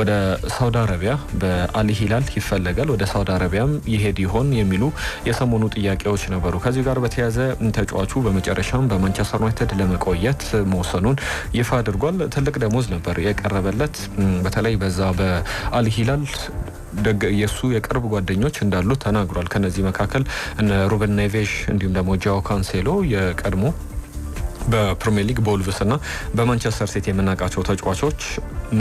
ወደ ሳውዲ አረቢያ በአሊ ሂላል ይፈለጋል። ወደ ሳውዲ አረቢያም ይሄድ ይሆን የሚሉ የሰሞኑ ጥያቄዎች ነበሩ። ከዚህ ጋር በተያያዘ ተጫዋቹ በመጨረሻም በማንቸስተር ዩናይትድ ለመቆየት መወሰኑን ይፋ አድርጓል። ትልቅ ደሞዝ ነበር የቀረበለት። በተለይ በዛ በአሊ ሂላል የእሱ የቅርብ ጓደኞች እንዳሉ ተናግሯል። ከነዚህ መካከል ሩበን ኔቬዥ እንዲሁም ደግሞ ጃኦ ካንሴሎ የቀድሞ በፕሪሚየር ሊግ በወልቭስና በማንቸስተር ሲቲ የምናውቃቸው ተጫዋቾች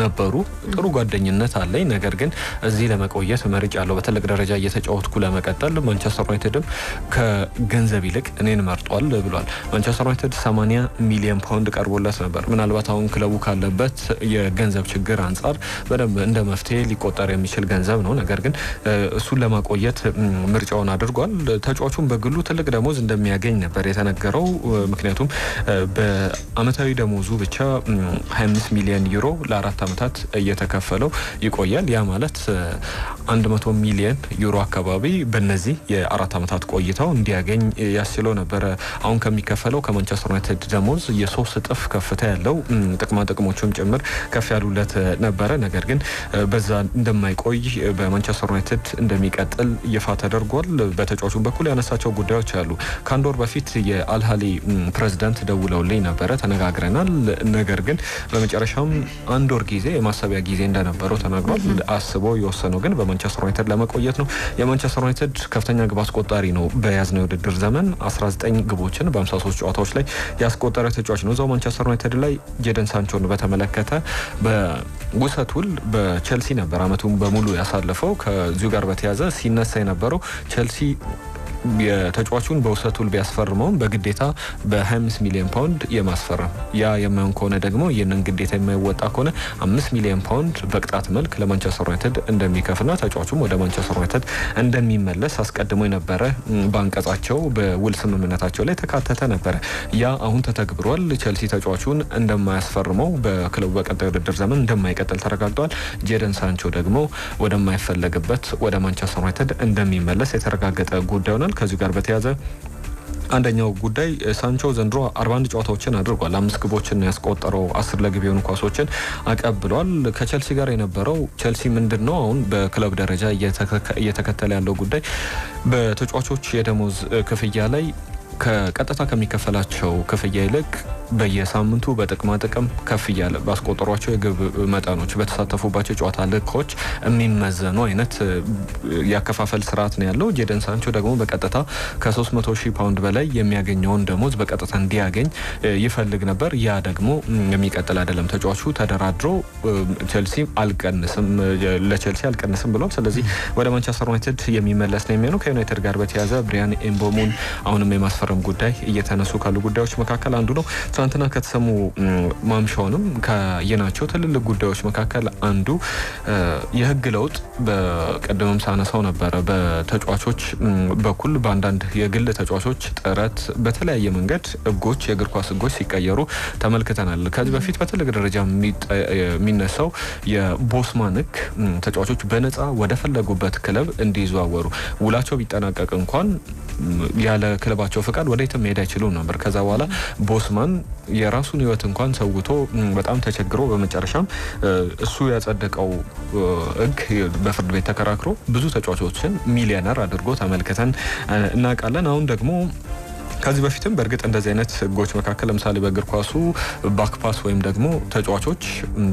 ነበሩ። ጥሩ ጓደኝነት አለኝ። ነገር ግን እዚህ ለመቆየት መርጭ ያለው በትልቅ ደረጃ እየተጫወትኩ ለመቀጠል ማንቸስተር ዩናይትድም ከገንዘብ ይልቅ እኔን መርጧል ብሏል። ማንቸስተር ዩናይትድ 80 ሚሊዮን ፓውንድ ቀርቦለት ነበር። ምናልባት አሁን ክለቡ ካለበት የገንዘብ ችግር አንጻር በደንብ እንደ መፍትሄ ሊቆጠር የሚችል ገንዘብ ነው። ነገር ግን እሱን ለማቆየት ምርጫውን አድርጓል። ተጫዋቹም በግሉ ትልቅ ደሞዝ እንደሚያገኝ ነበር የተነገረው። ምክንያቱም በአመታዊ ደሞዙ ብቻ 25 ሚሊዮን ዩሮ ለአራት አመታት እየተከፈለው ይቆያል። ያ ማለት 100 ሚሊዮን ዩሮ አካባቢ በነዚህ የአራት አመታት ቆይታው እንዲያገኝ ያስችለው ነበረ። አሁን ከሚከፈለው ከማንቸስተር ዩናይትድ ደሞዝ የሶስት እጥፍ ከፍታ ያለው ጥቅማ ጥቅሞቹም ጭምር ከፍ ያሉለት ነበረ። ነገር ግን በዛ እንደማይቆይ በማንቸስተር ዩናይትድ እንደሚቀጥል ይፋ ተደርጓል። በተጫዋቹም በኩል ያነሳቸው ጉዳዮች አሉ። ከአንድ ወር በፊት የአልሃሊ ፕሬዚዳንት ደውለውልኝ ነበረ፣ ተነጋግረናል። ነገር ግን በመጨረሻም አንድ ወር ጊዜ የማሰቢያ ጊዜ እንደነበረው ተናግሯል። አስበው የወሰነው ግን በማንቸስተር ዩናይትድ ለመቆየት ነው። የማንቸስተር ዩናይትድ ከፍተኛ ግብ አስቆጣሪ ነው። በያዝነው የውድድር ዘመን 19 ግቦችን በ53 ጨዋታዎች ላይ ያስቆጠረ ተጫዋች ነው። እዛው ማንቸስተር ዩናይትድ ላይ ጄደን ሳንቾን በተመለከተ በውሰት ውል ነበር አመቱን በሙሉ ያሳለፈው። ከዚሁ ጋር በተያያዘ ሲነሳ የነበረው ቸልሲ የተጫዋቹን በውሰት ውል ቢያስፈርመውም በግዴታ በ25 ሚሊዮን ፓውንድ የማስፈረም ያ የማይሆን ከሆነ ደግሞ ይህንን ግዴታ የማይወጣ ከሆነ አምስት ሚሊዮን ፓውንድ በቅጣት መልክ ለማንቸስተር ዩናይትድ እንደሚከፍና ተጫዋቹም ወደ ማንቸስተር ዩናይትድ እንደሚመለስ አስቀድሞ የነበረ በአንቀጻቸው በውል ስምምነታቸው ላይ ተካተተ ነበረ። ያ አሁን ተተግብሯል። ቸልሲ ተጫዋቹን እንደማያስፈርመው በክለቡ በቀጣይ ውድድር ዘመን እንደማይቀጥል ተረጋግጧል። ጄደን ሳንቾ ደግሞ ወደማይፈለግበት ወደ ማንቸስተር ዩናይትድ እንደሚመለስ የተረጋገጠ ጉዳዩ ነው። ይሆናል። ከዚህ ጋር በተያያዘ አንደኛው ጉዳይ ሳንቾ ዘንድሮ 41 ጨዋታዎችን አድርጓል። አምስት ግቦችን ያስቆጠረው፣ አስር ለግብ የሆኑ ኳሶችን አቀብሏል። ከቸልሲ ጋር የነበረው ቸልሲ ምንድን ነው አሁን በክለብ ደረጃ እየተከተለ ያለው ጉዳይ በተጫዋቾች የደሞዝ ክፍያ ላይ ከቀጥታ ከሚከፈላቸው ክፍያ ይልቅ በየሳምንቱ በጥቅማ ጥቅም ከፍ እያለ ባስቆጠሯቸው የግብ መጠኖች በተሳተፉባቸው ጨዋታ ልኮች የሚመዘኑ አይነት ያከፋፈል ስርዓት ነው ያለው። ጄደን ሳንቾ ደግሞ በቀጥታ ከ300 ሺህ ፓውንድ በላይ የሚያገኘውን ደሞዝ በቀጥታ እንዲያገኝ ይፈልግ ነበር። ያ ደግሞ የሚቀጥል አይደለም። ተጫዋቹ ተደራድሮ ቼልሲ አልቀንስም ለቼልሲ አልቀንስም ብሏል። ስለዚህ ወደ ማንቸስተር ዩናይትድ የሚመለስ ነው የሚሆነው። ከዩናይትድ ጋር በተያያዘ ብሪያን ኤምቦሙን አሁንም የማስፈረም ጉዳይ እየተነሱ ካሉ ጉዳዮች መካከል አንዱ ነው። ትናንትና ከተሰሙ ማምሻውንም ካየናቸው ትልልቅ ጉዳዮች መካከል አንዱ የህግ ለውጥ በቀደመም ሳነሳው ነበረ። በተጫዋቾች በኩል በአንዳንድ የግል ተጫዋቾች ጥረት በተለያየ መንገድ ህጎች፣ የእግር ኳስ ህጎች ሲቀየሩ ተመልክተናል። ከዚህ በፊት በትልቅ ደረጃ የሚነሳው የቦስማን ህግ ተጫዋቾች በነፃ ወደፈለጉበት ክለብ እንዲዘዋወሩ ውላቸው ቢጠናቀቅ እንኳን ያለ ክለባቸው ፍቃድ የትም መሄድ አይችሉም ነበር። ከዛ በኋላ ቦስማን የራሱን ህይወት እንኳን ሰውቶ በጣም ተቸግሮ በመጨረሻም እሱ ያጸደቀው እግ በፍርድ ቤት ተከራክሮ ብዙ ተጫዋቾችን ሚሊዮነር አድርጎ ተመልክተን እናውቃለን። አሁን ደግሞ ከዚህ በፊትም በእርግጥ እንደዚህ አይነት ህጎች መካከል ለምሳሌ በእግር ኳሱ ባክፓስ ወይም ደግሞ ተጫዋቾች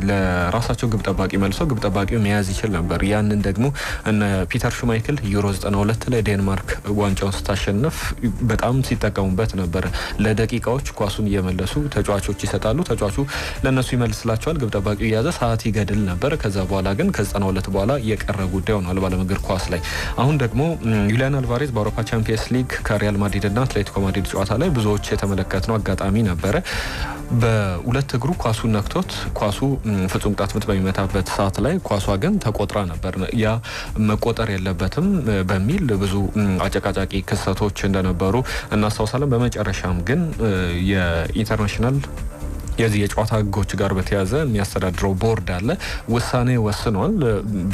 ለራሳቸው ግብ ጠባቂ መልሰው ግብ ጠባቂው መያዝ ይችል ነበር። ያንን ደግሞ እነ ፒተር ሹማይክል ዩሮ 92 ላይ ዴንማርክ ዋንጫውን ስታሸንፍ በጣም ሲጠቀሙበት ነበር። ለደቂቃዎች ኳሱን እየመለሱ ተጫዋቾች ይሰጣሉ፣ ተጫዋቹ ለእነሱ ይመልስላቸዋል፣ ግብ ጠባቂው የያዘ ሰዓት ይገድል ነበር። ከዛ በኋላ ግን ከ92 በኋላ የቀረ ጉዳይ ሆኗል ባለም እግር ኳስ ላይ። አሁን ደግሞ ዩሊያን አልቫሬዝ በአውሮፓ ቻምፒየንስ ሊግ ከሪያል ማድሪድ ና አትሌቲኮ በስታዲየም ጨዋታ ላይ ብዙዎች የተመለከትነው አጋጣሚ ነበረ። በሁለት እግሩ ኳሱን ነክቶት ኳሱ ፍጹም ቅጣት ምት በሚመታበት ሰዓት ላይ ኳሷ ግን ተቆጥራ ነበር። ያ መቆጠር የለበትም በሚል ብዙ አጨቃጫቂ ክስተቶች እንደነበሩ እናስታውሳለን። በመጨረሻም ግን የኢንተርናሽናል የዚህ የጨዋታ ህጎች ጋር በተያያዘ የሚያስተዳድረው ቦርድ አለ። ውሳኔ ወስኗል።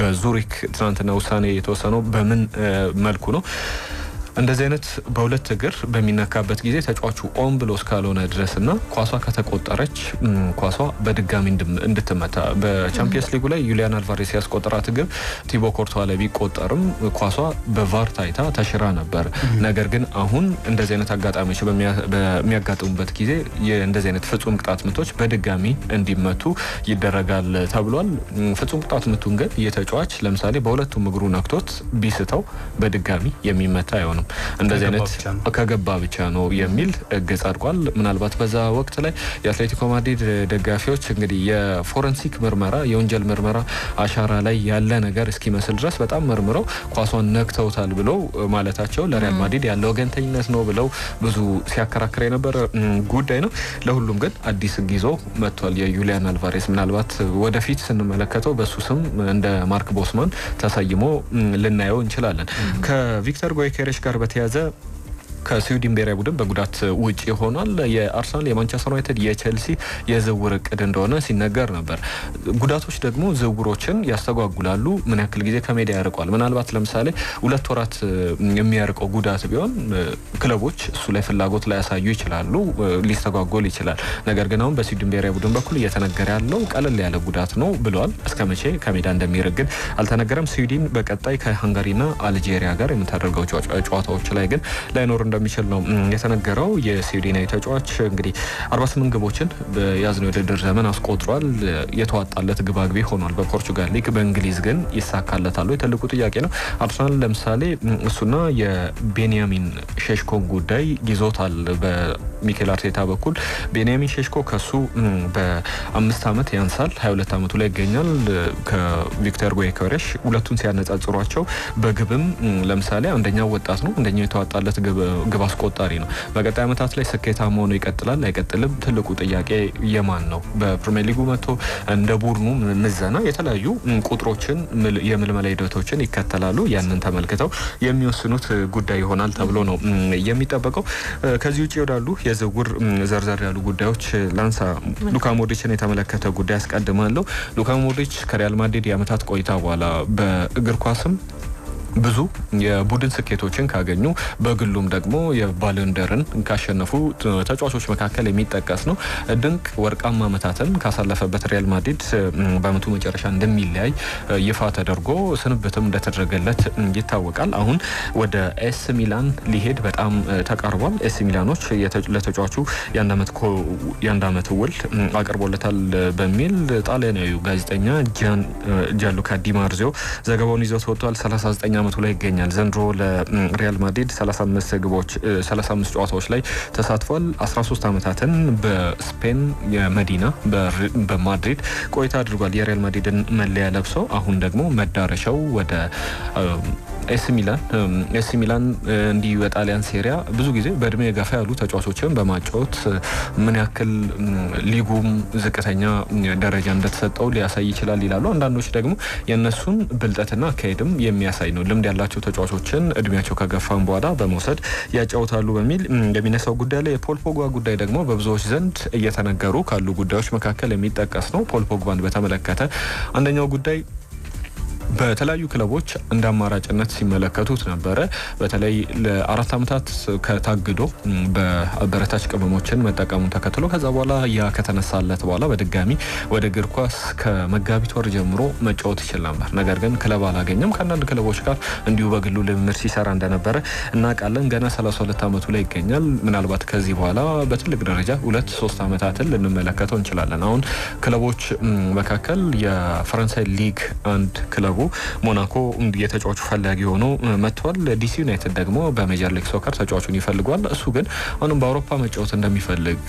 በዙሪክ ትናንትና ውሳኔ የተወሰነው በምን መልኩ ነው? እንደዚህ አይነት በሁለት እግር በሚነካበት ጊዜ ተጫዋቹ ኦን ብሎ እስካልሆነ ድረስ እና ኳሷ ከተቆጠረች ኳሷ በድጋሚ እንድትመታ በቻምፒየንስ ሊጉ ላይ ዩሊያን አልቫሬስ ያስቆጠራት ግብ ቲቦ ኮርቷ ላይ ቢቆጠርም ኳሷ በቫር ታይታ ተሽራ ነበር። ነገር ግን አሁን እንደዚህ አይነት አጋጣሚዎች በሚያጋጥሙበት ጊዜ እንደዚህ አይነት ፍጹም ቅጣት ምቶች በድጋሚ እንዲመቱ ይደረጋል ተብሏል። ፍጹም ቅጣት ምቱን ግን የተጫዋች ለምሳሌ በሁለቱም እግሩ ነክቶት ቢስተው በድጋሚ የሚመታ አይሆንም። አይሆንም፣ እንደዚህ አይነት ከገባ ብቻ ነው የሚል ህግ ጸድቋል። ምናልባት በዛ ወቅት ላይ የአትሌቲኮ ማድሪድ ደጋፊዎች እንግዲህ የፎረንሲክ ምርመራ የወንጀል ምርመራ አሻራ ላይ ያለ ነገር እስኪመስል ድረስ በጣም መርምረው ኳሷን ነክተውታል ብለው ማለታቸው ለሪያል ማድሪድ ያለ ወገንተኝነት ነው ብለው ብዙ ሲያከራክር የነበረ ጉዳይ ነው። ለሁሉም ግን አዲስ ጊዞ ይዞ መጥቷል። የዩሊያን አልቫሬስ ምናልባት ወደፊት ስንመለከተው በሱ ስም እንደ ማርክ ቦስማን ተሰይሞ ልናየው እንችላለን ከቪክተር ጎይኬሬሽ ጋር तर ከስዊድን ብሔራዊ ቡድን በጉዳት ውጪ ሆኗል። የአርሰናል፣ የማንቸስተር ዩናይትድ፣ የቼልሲ የዝውውር እቅድ እንደሆነ ሲነገር ነበር። ጉዳቶች ደግሞ ዝውውሮችን ያስተጓጉላሉ። ምን ያክል ጊዜ ከሜዳ ያርቋል? ምናልባት ለምሳሌ ሁለት ወራት የሚያርቀው ጉዳት ቢሆን ክለቦች እሱ ላይ ፍላጎት ላያሳዩ ይችላሉ፣ ሊስተጓጎል ይችላል። ነገር ግን አሁን በስዊድን ብሔራዊ ቡድን በኩል እየተነገረ ያለው ቀለል ያለ ጉዳት ነው ብለዋል። እስከ መቼ ከሜዳ እንደሚርቅ አልተነገረም። ስዊድን በቀጣይ ከሀንጋሪና አልጄሪያ ጋር የምታደርገው ጨዋታዎች ላይ ግን ላይኖር እንደሚችል ነው የተነገረው። የስዊድናዊ ተጫዋች እንግዲህ 48 ግቦችን በያዝነው የውድድር ዘመን አስቆጥሯል። የተዋጣለት ግባግቢ ሆኗል በፖርቹጋል ሊግ። በእንግሊዝ ግን ይሳካለታሉ የትልቁ ጥያቄ ነው። አርሰናል ለምሳሌ እሱና የቤንያሚን ሼሽኮን ጉዳይ ይዞታል በሚኬል አርቴታ በኩል። ቤንያሚን ሼሽኮ ከሱ በአምስት ዓመት ያንሳል፣ 22 ዓመቱ ላይ ይገኛል። ከቪክተር ጎይኮሬሽ ሁለቱን ሲያነጻጽሯቸው በግብም ለምሳሌ አንደኛው ወጣት ነው፣ አንደኛው የተዋጣለት ግብ ግብ አስቆጣሪ ነው። በቀጣይ ዓመታት ላይ ስኬታማ ሆኖ ይቀጥላል አይቀጥልም? ትልቁ ጥያቄ የማን ነው? በፕሪሚየር ሊጉ መጥቶ እንደ ቡድኑ ምዘና የተለያዩ ቁጥሮችን የምልመላ ሂደቶችን ይከተላሉ። ያንን ተመልክተው የሚወስኑት ጉዳይ ይሆናል ተብሎ ነው የሚጠበቀው። ከዚህ ውጭ ወዳሉ የዝውውር ዘርዘር ያሉ ጉዳዮች ላንሳ። ሉካ ሞድሪችን የተመለከተ ጉዳይ አስቀድማለሁ። ሉካ ሞድሪች ከሪያል ማድሪድ የአመታት ቆይታ በኋላ በእግር ኳስም ብዙ የቡድን ስኬቶችን ካገኙ በግሉም ደግሞ የባሎንደርን ካሸነፉ ተጫዋቾች መካከል የሚጠቀስ ነው። ድንቅ ወርቃማ ዓመታትን ካሳለፈበት ሪያል ማድሪድ በአመቱ መጨረሻ እንደሚለያይ ይፋ ተደርጎ ስንብትም እንደተደረገለት ይታወቃል። አሁን ወደ ኤስ ሚላን ሊሄድ በጣም ተቃርቧል። ኤስ ሚላኖች ለተጫዋቹ የአንድ አመት ውል አቅርቦለታል በሚል ጣሊያናዊ ጋዜጠኛ ጃንሉካ ዲማርዚዮ ዘገባውን ይዘው ወጥቷል። 39 ዓመቱ ላይ ይገኛል። ዘንድሮ ለሪያል ማድሪድ 35 ግቦች 35 ጨዋታዎች ላይ ተሳትፏል። 13 ዓመታትን በስፔን መዲና በማድሪድ ቆይታ አድርጓል የሪያል ማድሪድን መለያ ለብሶ አሁን ደግሞ መዳረሻው ወደ ኤሲ ሚላን ኤሲ ሚላን እንዲህ በጣሊያን ሴሪያ ብዙ ጊዜ በእድሜ የገፋ ያሉ ተጫዋቾችን በማጫወት ምን ያክል ሊጉም ዝቅተኛ ደረጃ እንደተሰጠው ሊያሳይ ይችላል ይላሉ። አንዳንዶች ደግሞ የእነሱን ብልጠትና አካሄድም የሚያሳይ ነው፣ ልምድ ያላቸው ተጫዋቾችን እድሜያቸው ከገፋም በኋላ በመውሰድ ያጫውታሉ በሚል የሚነሳው ጉዳይ ላይ የፖል ፖግባ ጉዳይ ደግሞ በብዙዎች ዘንድ እየተነገሩ ካሉ ጉዳዮች መካከል የሚጠቀስ ነው። ፖል ፖግባን በተመለከተ አንደኛው ጉዳይ በተለያዩ ክለቦች እንደ አማራጭነት ሲመለከቱት ነበረ። በተለይ ለአራት ዓመታት ከታግዶ በበረታች ቅመሞችን መጠቀሙን ተከትሎ ከዛ በኋላ ያ ከተነሳለት በኋላ በድጋሚ ወደ እግር ኳስ ከመጋቢት ወር ጀምሮ መጫወት ይችል ነበር። ነገር ግን ክለብ አላገኘም። ከአንዳንድ ክለቦች ጋር እንዲሁ በግሉ ልምምድ ሲሰራ እንደነበረ እናውቃለን። ገና 32 ዓመቱ ላይ ይገኛል። ምናልባት ከዚህ በኋላ በትልቅ ደረጃ ሁለት ሶስት ዓመታትን ልንመለከተው እንችላለን። አሁን ክለቦች መካከል የፈረንሳይ ሊግ አንድ ክለቡ ሞናኮ የተጫዋቹ ፈላጊ ሆኖ መጥቷል። ዲሲ ዩናይትድ ደግሞ በሜጀር ሊግ ሶከር ተጫዋቹን ይፈልጓል። እሱ ግን አሁንም በአውሮፓ መጫወት እንደሚፈልግ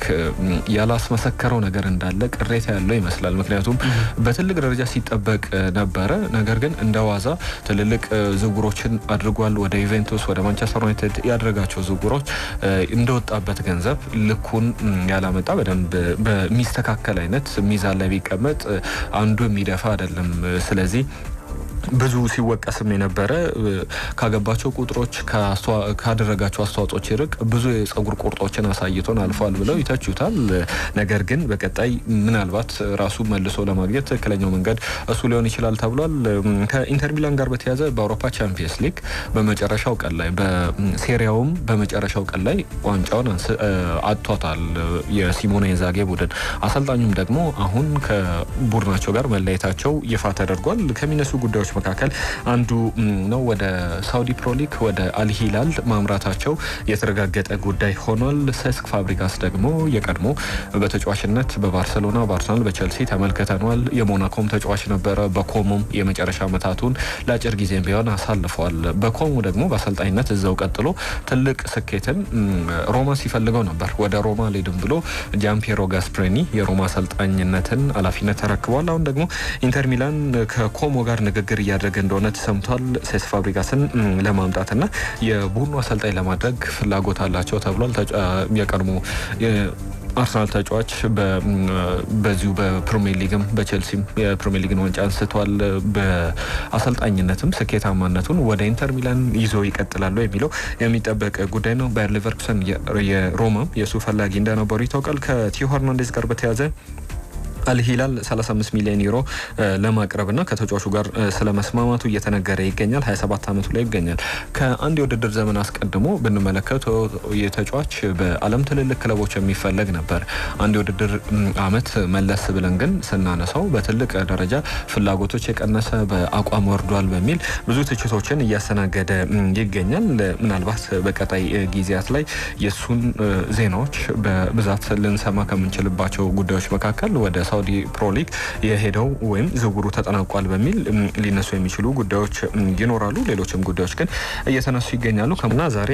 ያላስመሰከረው ነገር እንዳለ ቅሬታ ያለው ይመስላል። ምክንያቱም በትልቅ ደረጃ ሲጠበቅ ነበረ። ነገር ግን እንደ ዋዛ ትልልቅ ዝውውሮችን አድርጓል። ወደ ዩቬንቱስ፣ ወደ ማንቸስተር ዩናይትድ ያደረጋቸው ዝውውሮች እንደወጣበት ገንዘብ ልኩን ያላመጣ በደንብ በሚስተካከል አይነት ሚዛን ላይ ቢቀመጥ አንዱ የሚደፋ አይደለም። ስለዚህ ብዙ ሲወቀስም የነበረ ካገባቸው ቁጥሮች ካደረጋቸው አስተዋጽኦች ይርቅ ብዙ የጸጉር ቁርጦችን አሳይቶን አልፏል ብለው ይተችታል። ነገር ግን በቀጣይ ምናልባት ራሱ መልሶ ለማግኘት ትክክለኛው መንገድ እሱ ሊሆን ይችላል ተብሏል። ከኢንተር ሚላን ጋር በተያዘ በአውሮፓ ቻምፒየንስ ሊግ በመጨረሻው ቀን ላይ በሴሪያውም በመጨረሻው ቀን ላይ ዋንጫውን አጥቷታል የሲሞኔ ኢንዛጌ ቡድን። አሰልጣኙም ደግሞ አሁን ከቡድናቸው ጋር መለየታቸው ይፋ ተደርጓል። ከሚነሱ ጉዳዮች መካከል አንዱ ነው። ወደ ሳውዲ ፕሮሊክ ወደ አልሂላል ማምራታቸው የተረጋገጠ ጉዳይ ሆኗል። ሰስክ ፋብሪጋስ ደግሞ የቀድሞ በተጫዋችነት በባርሰሎና፣ በአርሰናል፣ በቸልሲ ተመልክተኗል። የሞናኮም ተጫዋች ነበረ። በኮሞም የመጨረሻ ዓመታቱን ለአጭር ጊዜም ቢሆን አሳልፈዋል። በኮሞ ደግሞ በአሰልጣኝነት እዛው ቀጥሎ ትልቅ ስኬትን ሮማ ሲፈልገው ነበር። ወደ ሮማ ሌድም ብሎ ጃምፔሮ ጋስፕሬኒ የሮማ አሰልጣኝነትን ኃላፊነት ተረክቧል። አሁን ደግሞ ኢንተር ሚላን ከኮሞ ጋር ንግግር እያደረገ እንደሆነ ተሰምቷል። ሴስ ፋብሪጋስን ለማምጣትና የቡድኑ አሰልጣኝ ለማድረግ ፍላጎት አላቸው ተብሏል። የቀድሞ አርሰናል ተጫዋች በዚሁ በፕሪሚየር ሊግም በቼልሲም የፕሪሚየር ሊግን ዋንጫ አንስቷል። በአሰልጣኝነትም ስኬታማነቱን ወደ ኢንተር ሚላን ይዞ ይቀጥላሉ የሚለው የሚጠበቅ ጉዳይ ነው። ባየር ሊቨርኩሰን የሮማም የእሱ ፈላጊ እንደነበሩ ይታወቃል። ከቲዮ ሄርናንዴዝ ጋር በተያያዘ አልሂላል 35 ሚሊዮን ዩሮ ለማቅረብና ከተጫዋቹ ጋር ስለመስማማቱ እየተነገረ ይገኛል። 27 ዓመቱ ላይ ይገኛል። ከአንድ የውድድር ዘመን አስቀድሞ ብንመለከተው የተጫዋች በዓለም ትልልቅ ክለቦች የሚፈለግ ነበር። አንድ የውድድር አመት መለስ ብለን ግን ስናነሳው በትልቅ ደረጃ ፍላጎቶች የቀነሰ በአቋም ወርዷል በሚል ብዙ ትችቶችን እያስተናገደ ይገኛል። ምናልባት በቀጣይ ጊዜያት ላይ የእሱን ዜናዎች በብዛት ልንሰማ ከምንችልባቸው ጉዳዮች መካከል ወደ ሳውዲ ሊግ የሄደው ወይም ዝውውሩ ተጠናቋል በሚል ሊነሱ የሚችሉ ጉዳዮች ይኖራሉ። ሌሎችም ጉዳዮች ግን እየተነሱ ይገኛሉ። ከምና ዛሬ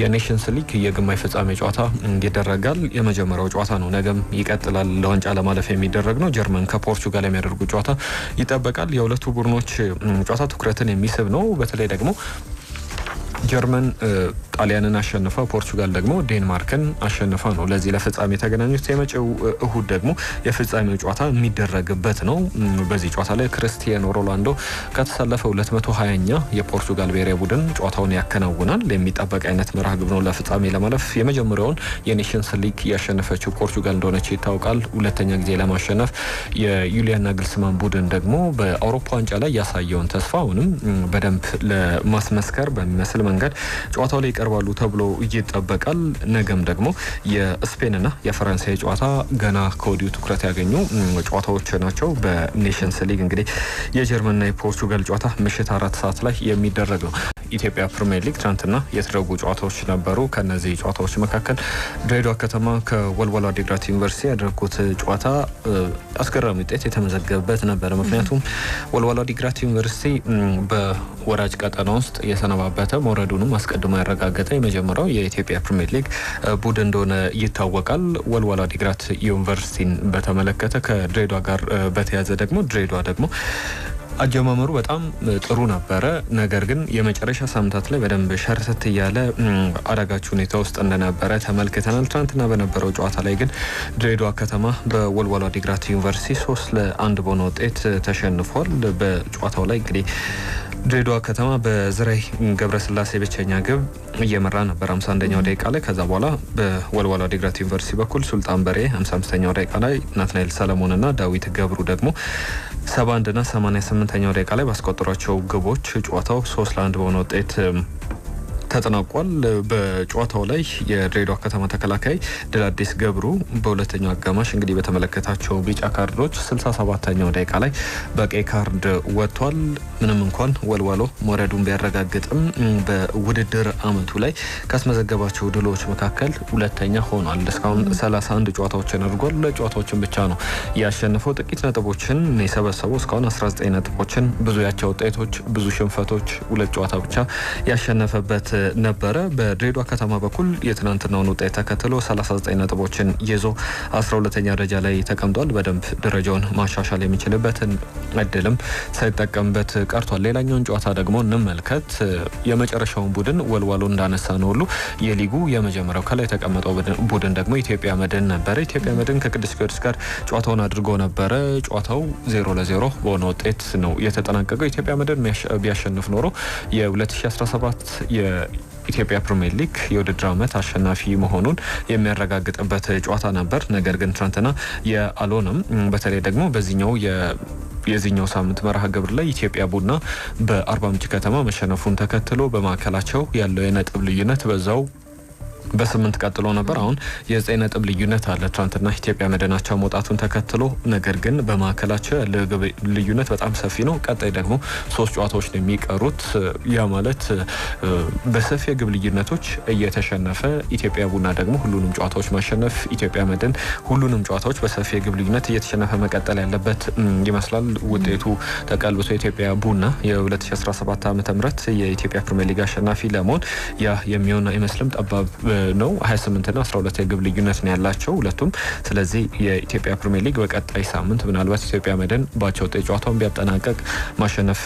የኔሽንስ ሊግ የግማሽ ፍጻሜ ጨዋታ ይደረጋል። የመጀመሪያው ጨዋታ ነው። ነገም ይቀጥላል። ለዋንጫ ለማለፍ የሚደረግ ነው። ጀርመን ከፖርቹጋል የሚያደርጉ ጨዋታ ይጠበቃል። የሁለቱ ቡድኖች ጨዋታ ትኩረትን የሚስብ ነው። በተለይ ደግሞ ጀርመን ጣሊያንን አሸንፋ ፖርቹጋል ደግሞ ዴንማርክን አሸንፋ ነው ለዚህ ለፍጻሜ የተገናኙት። የመጪው እሁድ ደግሞ የፍጻሜው ጨዋታ የሚደረግበት ነው። በዚህ ጨዋታ ላይ ክርስቲያኖ ሮላንዶ ከተሰለፈ 220ኛ የፖርቹጋል ብሔራዊ ቡድን ጨዋታውን ያከናውናል። የሚጠበቅ አይነት መርሃ ነው። ለፍጻሜ ለማለፍ የመጀመሪያውን የኔሽንስ ሊግ ያሸነፈችው ፖርቹጋል እንደሆነች ይታወቃል። ሁለተኛ ጊዜ ለማሸነፍ የዩሊያን ናግልስማን ቡድን ደግሞ በአውሮፓ ዋንጫ ላይ ያሳየውን ተስፋ አሁንም በደንብ ለማስመስከር በሚመስል መንገድ ጨዋታው ላይ ይቀርባሉ ተብሎ ይጠበቃል። ነገም ደግሞ የስፔንና የፈረንሳይ ጨዋታ ገና ከወዲሁ ትኩረት ያገኙ ጨዋታዎች ናቸው። በኔሽንስ ሊግ እንግዲህ የጀርመንና የፖርቹጋል ጨዋታ ምሽት አራት ሰዓት ላይ የሚደረግ ነው። ኢትዮጵያ ፕሪሚየር ሊግ ትናንትና የተደረጉ ጨዋታዎች ነበሩ። ከነዚህ ጨዋታዎች መካከል ድሬዳዋ ከተማ ከወልወላ ዲግራት ዩኒቨርሲቲ ያደረጉት ጨዋታ አስገራሚ ውጤት የተመዘገበበት ነበር። ምክንያቱም ወልወላ ዲግራት ዩኒቨርሲቲ በወራጅ ቀጠና ውስጥ የሰነባበተ መውረዱንም አስቀድሞ ያረጋገ ያረጋገጠ የመጀመሪያው የኢትዮጵያ ፕሪሚየር ሊግ ቡድን እንደሆነ ይታወቃል። ወልዋላ ዲግራት ዩኒቨርሲቲን በተመለከተ ከድሬዷ ጋር በተያያዘ ደግሞ ድሬዷ ደግሞ አጀማመሩ በጣም ጥሩ ነበረ። ነገር ግን የመጨረሻ ሳምንታት ላይ በደንብ ሸርተት እያለ አዳጋች ሁኔታ ውስጥ እንደነበረ ተመልክተናል። ትናንትና በነበረው ጨዋታ ላይ ግን ድሬዳዋ ከተማ በወልዋሎ ዲግራት ዩኒቨርሲቲ ሶስት ለአንድ በሆነ ውጤት ተሸንፏል። በጨዋታው ላይ እንግዲህ ድሬዳዋ ከተማ በዝራይ ገብረስላሴ ብቸኛ ግብ እየመራ ነበር 51ኛው ደቂቃ ላይ። ከዛ በኋላ በወልዋሎ ዲግራት ዩኒቨርሲቲ በኩል ሱልጣን በሬ 55ኛው ደቂቃ ላይ፣ ናትናኤል ሰለሞን እና ዳዊት ገብሩ ደግሞ 71ና 88 ስምንተኛው ደቂቃ ላይ ባስቆጠሯቸው ግቦች ጨዋታው ለ1 በሆነ ውጤት ተጠናቋል። በጨዋታው ላይ የድሬዳዋ ከተማ ተከላካይ ድል አዲስ ገብሩ በሁለተኛው አጋማሽ እንግዲህ በተመለከታቸው ቢጫ ካርዶች 67ኛው ደቂቃ ላይ በቀይ ካርድ ወጥቷል። ምንም እንኳን ወልዋሎ መውረዱን ቢያረጋግጥም በውድድር አመቱ ላይ ካስመዘገባቸው ድሎች መካከል ሁለተኛ ሆኗል። እስካሁን 31 ጨዋታዎችን አድርጓል። ጨዋታዎችን ብቻ ነው ያሸነፈው። ጥቂት ነጥቦችን የሰበሰበው እስካሁን 19 ነጥቦችን ብዙ ያቻ ውጤቶች፣ ብዙ ሽንፈቶች፣ ሁለት ጨዋታ ብቻ ያሸነፈበት ነበረ። በድሬዳዋ ከተማ በኩል የትናንትናውን ውጤት ተከትሎ 39 ነጥቦችን ይዞ 12ኛ ደረጃ ላይ ተቀምጧል። በደንብ ደረጃውን ማሻሻል የሚችልበትን እድልም ሳይጠቀምበት ቀርቷል። ሌላኛውን ጨዋታ ደግሞ እንመልከት። የመጨረሻውን ቡድን ወልዋሎ እንዳነሳ ነው ሁሉ የሊጉ የመጀመሪያው ከላይ የተቀመጠው ቡድን ደግሞ ኢትዮጵያ መድን ነበረ። ኢትዮጵያ መድን ከቅዱስ ጊዮርጊስ ጋር ጨዋታውን አድርጎ ነበረ። ጨዋታው ዜሮ ለዜሮ በሆነ ውጤት ነው የተጠናቀቀው። ኢትዮጵያ መድን ቢያሸንፍ ኖሮ የ2017 ኢትዮጵያ ፕሪምየር ሊግ የውድድር ዓመት አሸናፊ መሆኑን የሚያረጋግጥበት ጨዋታ ነበር። ነገር ግን ትናንትና የአልሆነም። በተለይ ደግሞ በዚህኛው የዚህኛው ሳምንት መርሃ ግብር ላይ ኢትዮጵያ ቡና በአርባ ምንጭ ከተማ መሸነፉን ተከትሎ በማዕከላቸው ያለው የነጥብ ልዩነት በዛው በስምንት ቀጥሎ ነበር። አሁን የዘጠኝ ነጥብ ልዩነት አለ። ትናንትና ኢትዮጵያ መድናቸው መውጣቱን ተከትሎ ነገር ግን በማዕከላቸው ያለ ልዩነት በጣም ሰፊ ነው። ቀጣይ ደግሞ ሶስት ጨዋታዎች ነው የሚቀሩት። ያ ማለት በሰፊ የግብ ልዩነቶች እየተሸነፈ ኢትዮጵያ ቡና ደግሞ ሁሉንም ጨዋታዎች ማሸነፍ፣ ኢትዮጵያ መድን ሁሉንም ጨዋታዎች በሰፊ የግብ ልዩነት እየተሸነፈ መቀጠል ያለበት ይመስላል። ውጤቱ ተቀልብሶ ኢትዮጵያ ቡና የ2017 ዓ ም የኢትዮጵያ ፕሪሚየር ሊግ አሸናፊ ለመሆን ያ የሚሆን አይመስልም ጠባብ ነው። 28ና 12 የግብ ልዩነት ነው ያላቸው ሁለቱም። ስለዚህ የኢትዮጵያ ፕሪሚየር ሊግ በቀጣይ ሳምንት ምናልባት ኢትዮጵያ መድን ባቸው ውጤት ጨዋታውን ቢያጠናቀቅ ማሸነፍ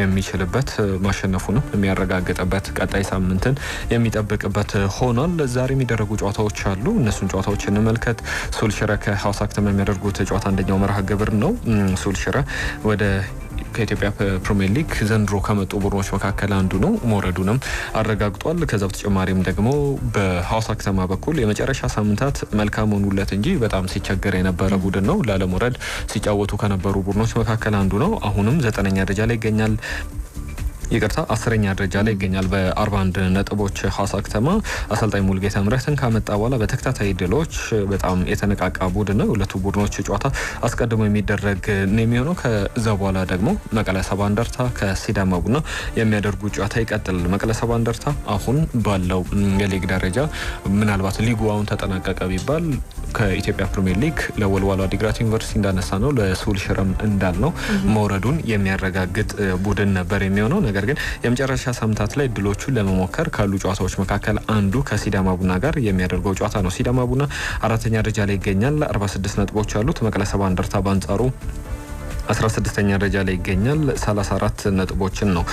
የሚችልበት ማሸነፉንም የሚያረጋግጥበት ቀጣይ ሳምንትን የሚጠብቅበት ሆኗል። ዛሬ የሚደረጉ ጨዋታዎች አሉ። እነሱን ጨዋታዎች እንመልከት። ሱልሽረ ከሀዋሳ ከተማ የሚያደርጉት ጨዋታ አንደኛው መርሃ ግብር ነው። ሱልሽረ ወደ ከኢትዮጵያ ፕሪሚየር ሊግ ዘንድሮ ከመጡ ቡድኖች መካከል አንዱ ነው። መውረዱንም አረጋግጧል። ከዛ በተጨማሪም ደግሞ በሀዋሳ ከተማ በኩል የመጨረሻ ሳምንታት መልካም ሆኑለት እንጂ በጣም ሲቸገር የነበረ ቡድን ነው። ላለመውረድ ሲጫወቱ ከነበሩ ቡድኖች መካከል አንዱ ነው። አሁንም ዘጠነኛ ደረጃ ላይ ይገኛል። ይቅርታ አስረኛ ደረጃ ላይ ይገኛል በ ነጥቦች ሀዋሳ ከተማ አሰልጣኝ ሙልጌታ ምረትን ካመጣ በኋላ በተከታታይ ድሎች በጣም የተነቃቃ ቡድን ነው። ሁለቱ ቡድኖች ጨዋታ አስቀድሞ የሚደረግ ነው የሚሆነው። ከዛ በኋላ ደግሞ መቀለ ሰባ እንደርታ ከሲዳማ ቡና የሚያደርጉ ጨዋታ ይቀጥላል። መቀለ ሰባ እንደርታ አሁን ባለው የሊግ ደረጃ ምናልባት ሊጉ አሁን ተጠናቀቀ ቢባል ከኢትዮጵያ ፕሪሚየር ሊግ ለወልዋሎ ዓዲግራት ዩኒቨርሲቲ እንዳነሳ ነው ለሱል ሽረም እንዳል ነው መውረዱን የሚያረጋግጥ ቡድን ነበር የሚሆነው ነገር ነገር ግን የመጨረሻ ሳምንታት ላይ ድሎቹን ለመሞከር ካሉ ጨዋታዎች መካከል አንዱ ከሲዳማ ቡና ጋር የሚያደርገው ጨዋታ ነው። ሲዳማ ቡና አራተኛ ደረጃ ላይ ይገኛል። 46 ነጥቦች አሉት። መቀለ ሰባ እንደርታ በአንጻሩ 16ተኛ ደረጃ ላይ ይገኛል። 34 ነጥቦችን ነው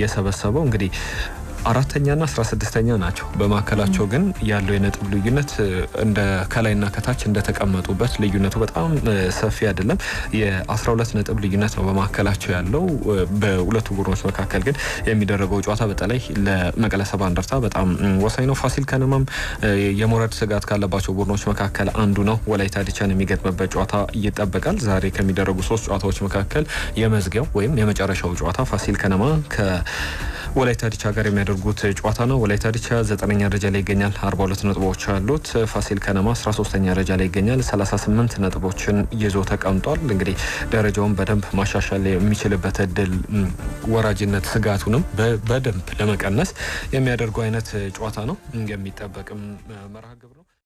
የሰበሰበው እንግዲህ አራተኛና አስራ ስድስተኛ ናቸው። በማዕከላቸው ግን ያለው የነጥብ ልዩነት እንደ ከላይና ከታች እንደተቀመጡበት ልዩነቱ በጣም ሰፊ አይደለም። የ12 ነጥብ ልዩነት ነው በማዕከላቸው ያለው። በሁለቱ ቡድኖች መካከል ግን የሚደረገው ጨዋታ በተለይ ለመቀለ ሰባ እንደርታ በጣም ወሳኝ ነው። ፋሲል ከነማም የመውረድ ስጋት ካለባቸው ቡድኖች መካከል አንዱ ነው። ወላይታ ዲቻን የሚገጥምበት ጨዋታ ይጠበቃል። ዛሬ ከሚደረጉ ሶስት ጨዋታዎች መካከል የመዝጊያው ወይም የመጨረሻው ጨዋታ ፋሲል ከነማ ከ ወላይታ ዲቻ ጋር የሚያደርጉት ጨዋታ ነው። ወላይታ ዲቻ ዘጠነኛ ደረጃ ላይ ይገኛል፣ አርባ ሁለት ነጥቦች አሉት። ፋሲል ከነማ አስራ ሶስተኛ ደረጃ ላይ ይገኛል፣ ሰላሳ ስምንት ነጥቦችን ይዞ ተቀምጧል። እንግዲህ ደረጃውን በደንብ ማሻሻል የሚችልበት እድል ወራጅነት ስጋቱንም በደንብ ለመቀነስ የሚያደርጉ አይነት ጨዋታ ነው የሚጠበቅም መርሃ ግብር ነው።